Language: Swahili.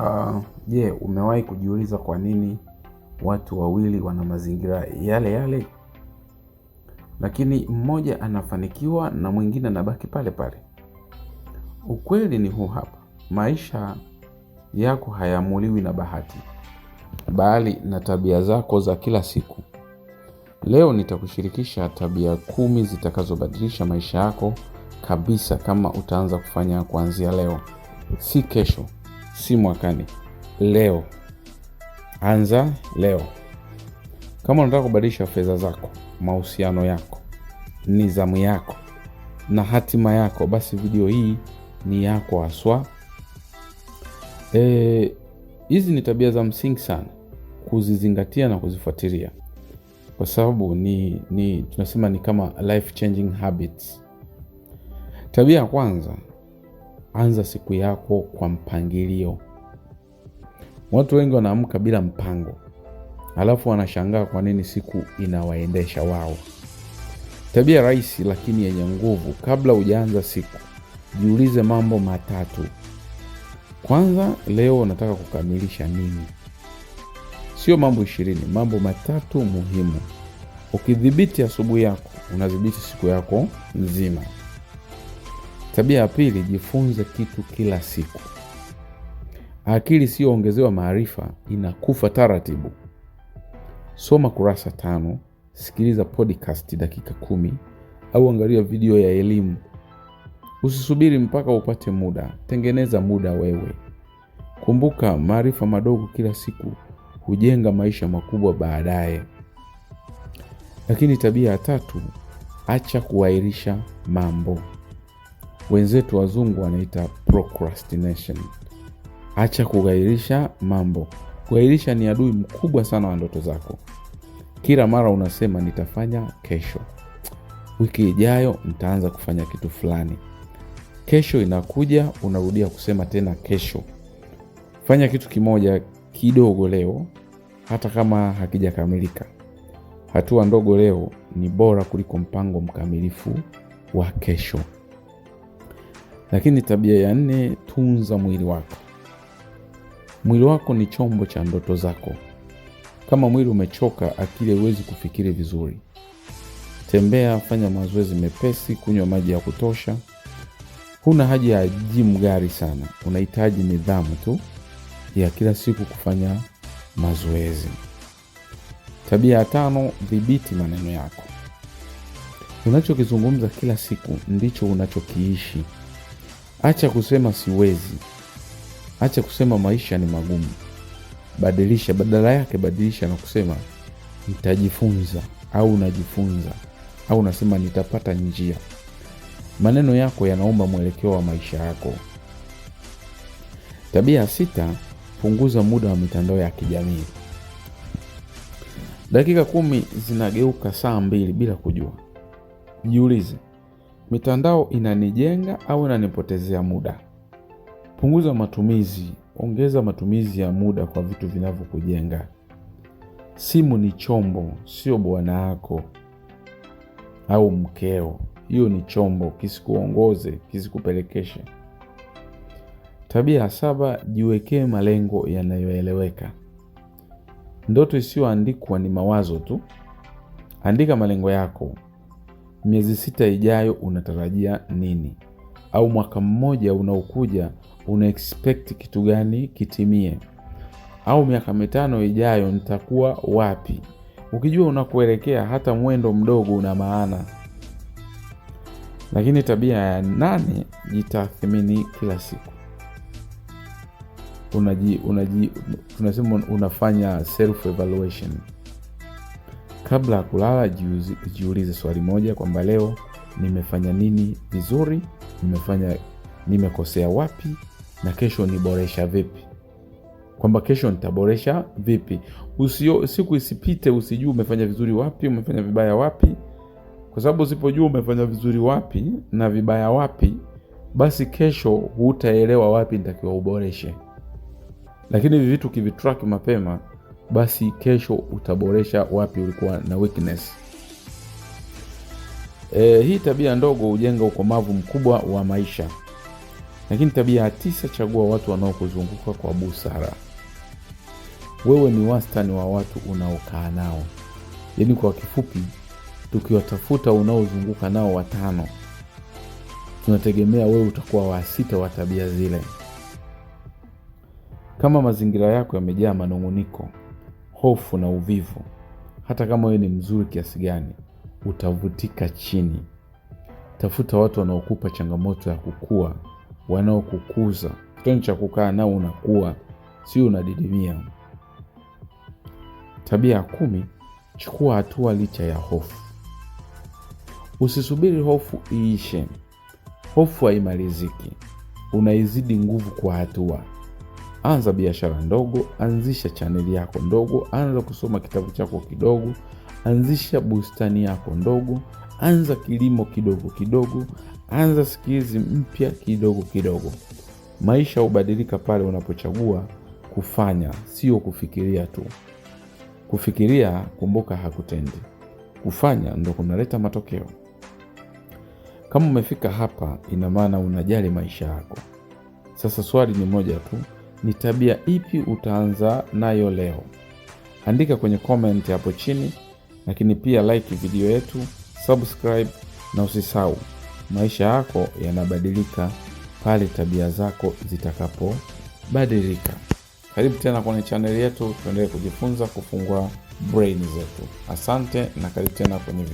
Ah, je, uh, umewahi kujiuliza kwa nini watu wawili wana mazingira yale yale lakini mmoja anafanikiwa na mwingine anabaki pale pale? Ukweli ni huu hapa: maisha yako hayaamuliwi na bahati, bali na tabia zako za kila siku. Leo nitakushirikisha tabia kumi zitakazobadilisha maisha yako kabisa kama utaanza kufanya kuanzia leo, si kesho si mwakani, leo. Anza leo. Kama unataka kubadilisha fedha zako, mahusiano yako, nidhamu yako na hatima yako, basi video hii ni yako haswa. Eh, hizi e, ni tabia za msingi sana kuzizingatia na kuzifuatilia kwa sababu ni, ni tunasema ni kama life changing habits. Tabia ya kwanza anza siku yako kwa mpangilio. Watu wengi wanaamka bila mpango, alafu wanashangaa kwa nini siku inawaendesha wao. Tabia rahisi lakini yenye nguvu. Kabla hujaanza siku, jiulize mambo matatu. Kwanza, leo unataka kukamilisha nini? Sio mambo ishirini, mambo matatu muhimu. Ukidhibiti asubuhi yako, unadhibiti siku yako nzima. Tabia ya pili, jifunze kitu kila siku. Akili isiyoongezewa maarifa inakufa taratibu. Soma kurasa tano, sikiliza podcast dakika kumi au angalia video ya elimu. Usisubiri mpaka upate muda, tengeneza muda wewe. Kumbuka, maarifa madogo kila siku hujenga maisha makubwa baadaye. Lakini tabia ya tatu, acha kuahirisha mambo wenzetu wazungu wanaita procrastination. Acha kughairisha mambo. Kughairisha ni adui mkubwa sana wa ndoto zako. Kila mara unasema nitafanya kesho, wiki ijayo nitaanza kufanya kitu fulani. Kesho inakuja, unarudia kusema tena kesho. Fanya kitu kimoja kidogo leo, hata kama hakijakamilika. Hatua ndogo leo ni bora kuliko mpango mkamilifu wa kesho. Lakini tabia ya nne, tunza mwili wako. Mwili wako ni chombo cha ndoto zako. Kama mwili umechoka, akili haiwezi kufikiri vizuri. Tembea, fanya mazoezi mepesi, kunywa maji ya kutosha. Huna haja ya jimu gari sana, unahitaji nidhamu tu ya kila siku kufanya mazoezi. Tabia ya tano, dhibiti maneno yako. Unachokizungumza kila siku ndicho unachokiishi. Acha kusema siwezi, acha kusema maisha ni magumu. Badilisha, badala yake badilisha na kusema nitajifunza, au najifunza, au nasema nitapata njia. Maneno yako yanaomba mwelekeo wa maisha yako. Tabia ya sita, punguza muda wa mitandao ya kijamii. Dakika kumi zinageuka saa mbili bila kujua. Jiulize, Mitandao inanijenga au inanipotezea muda? Punguza matumizi, ongeza matumizi ya muda kwa vitu vinavyokujenga. Simu ni chombo, sio bwana yako au mkeo. Hiyo ni chombo, kisikuongoze, kisikupelekeshe. Tabia ya saba, jiwekee malengo yanayoeleweka. Ndoto isiyoandikwa ni mawazo tu. Andika malengo yako miezi sita ijayo unatarajia nini? Au mwaka mmoja unaokuja una expect kitu gani kitimie? Au miaka mitano ijayo nitakuwa wapi? Ukijua unakuelekea hata mwendo mdogo una maana. Lakini tabia ya nane, jitathmini kila siku. Unaji, unaji, tunasema unafanya self evaluation. Kabla ya kulala, jiulize swali moja kwamba leo nimefanya nini vizuri, nimefanya nimekosea wapi, na kesho niboresha vipi, kwamba kesho nitaboresha vipi. Usio, siku isipite usijue umefanya vizuri wapi, umefanya vibaya wapi, kwa sababu usipojua umefanya vizuri wapi na vibaya wapi, basi kesho hutaelewa wapi nitakiwa uboreshe. Lakini hivi vitu kivitrack mapema basi kesho utaboresha wapi ulikuwa na weakness. E, hii tabia ndogo hujenga ukomavu mkubwa wa maisha. Lakini tabia ya tisa, chagua watu wanaokuzunguka kwa busara. Wewe ni wastani wa watu unaokaa nao, yaani kwa kifupi, tukiwatafuta unaozunguka nao watano, tunategemea wewe utakuwa wa sita wa tabia zile. Kama mazingira yako yamejaa manung'uniko hofu na uvivu, hata kama wewe ni mzuri kiasi gani, utavutika chini. Tafuta watu wanaokupa changamoto ya kukua, wanaokukuza. Kitendo cha kukaa nao unakuwa, sio unadidimia. Tabia ya kumi: chukua hatua licha ya hofu. Usisubiri hofu iishe. Hofu haimaliziki, unaizidi nguvu kwa hatua. Anza biashara ndogo, anzisha chaneli yako ndogo, anza kusoma kitabu chako kidogo, anzisha bustani yako ndogo, anza kilimo kidogo kidogo, anza skills mpya kidogo kidogo. Maisha hubadilika pale unapochagua kufanya, sio kufikiria tu. Kufikiria, kumbuka, hakutendi. Kufanya ndo kunaleta matokeo. Kama umefika hapa, ina maana unajali maisha yako. Sasa swali ni moja tu. Ni tabia ipi utaanza nayo leo? Andika kwenye comment hapo chini, lakini pia like video yetu, subscribe na usisahau, maisha yako yanabadilika pale tabia zako zitakapobadilika. Karibu tena kwenye chaneli yetu, tuendelee kujifunza kufungua brain zetu. Asante na karibu tena kwenye video.